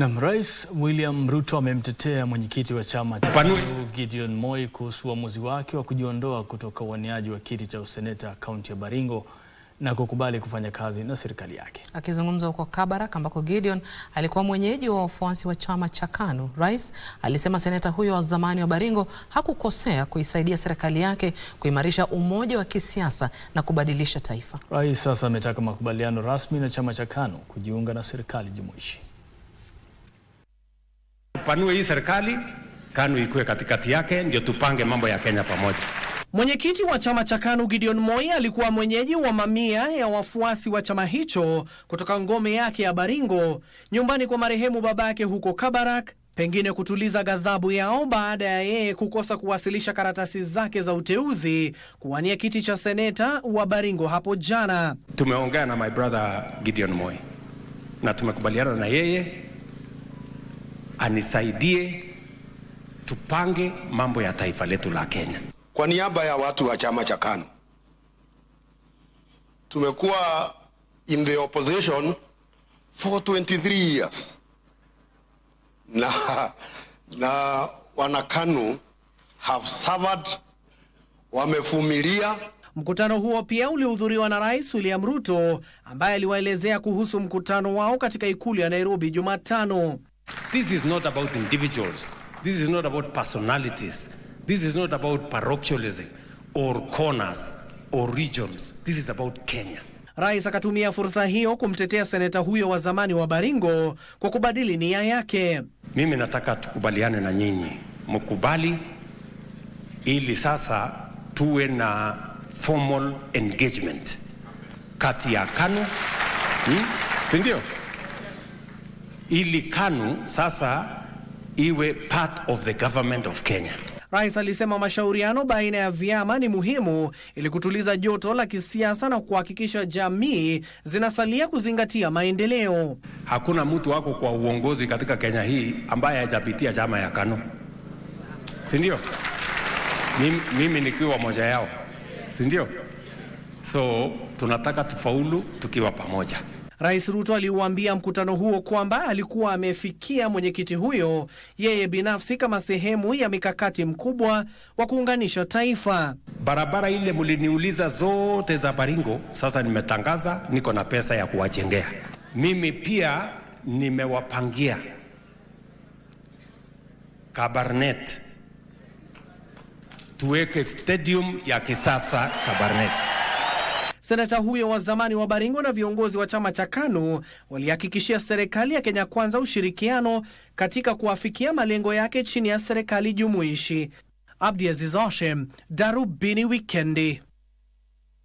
Na Rais William Ruto amemtetea mwenyekiti wa chama cha KANU Gideon Moi kuhusu uamuzi wake wa kujiondoa kutoka uaniaji wa kiti cha useneta kaunti ya Baringo na kukubali kufanya kazi na serikali yake. Akizungumza huko Kabarak ambako Gideon alikuwa mwenyeji wa wafuasi wa chama cha KANU, Rais alisema seneta huyo wa zamani wa Baringo hakukosea kuisaidia serikali yake kuimarisha umoja wa kisiasa na kubadilisha taifa. Rais sasa ametaka makubaliano rasmi na chama cha KANU kujiunga na serikali jumuishi tupanue hii serikali, KANU ikuwe katikati yake, ndio tupange mambo ya Kenya pamoja. Mwenyekiti wa chama cha KANU Gideon Moi alikuwa mwenyeji wa mamia ya wafuasi wa chama hicho kutoka ngome yake ya Baringo, nyumbani kwa marehemu babake huko Kabarak, pengine kutuliza ghadhabu yao baada ya yeye kukosa kuwasilisha karatasi zake za uteuzi kuwania kiti cha seneta wa Baringo hapo jana. Tumeongea na my brother Gideon Moi na tumekubaliana na yeye anisaidie tupange mambo ya taifa letu la Kenya. Kwa niaba ya watu wa chama cha KANU tumekuwa in the opposition for 23 years na, na wanakanu have suffered, wamevumilia. Mkutano huo pia ulihudhuriwa na Rais William Ruto ambaye aliwaelezea kuhusu mkutano wao katika ikulu ya Nairobi Jumatano. This is not about individuals. This is not about personalities. This is not about parochialism or corners or regions. This is about Kenya. Rais akatumia fursa hiyo kumtetea seneta huyo wa zamani wa Baringo kwa kubadili nia yake. Mimi nataka tukubaliane na nyinyi, mkubali ili sasa tuwe na formal engagement kati ya KANU hmm, si ndio? ili KANU sasa iwe part of the government of Kenya. Rais alisema mashauriano baina ya vyama ni muhimu ili kutuliza joto la kisiasa na kuhakikisha jamii zinasalia kuzingatia maendeleo. Hakuna mtu wako kwa uongozi katika Kenya hii ambaye hajapitia chama ya KANU, si ndio? Mimi, mimi nikiwa moja yao, si ndio? So tunataka tufaulu tukiwa pamoja. Rais Ruto aliuambia mkutano huo kwamba alikuwa amefikia mwenyekiti huyo yeye binafsi kama sehemu ya mikakati mkubwa wa kuunganisha taifa. Barabara ile mliniuliza zote za Baringo, sasa nimetangaza niko na pesa ya kuwajengea. Mimi pia nimewapangia Kabarnet tuweke stadium ya kisasa Kabarnet. Senata huyo wa zamani wa Baringo na viongozi wa chama cha KANU walihakikishia serikali ya Kenya Kwanza ushirikiano katika kuafikia malengo yake chini ya serikali jumuishi. Abdiaziz Oshem, Darubini Wikendi.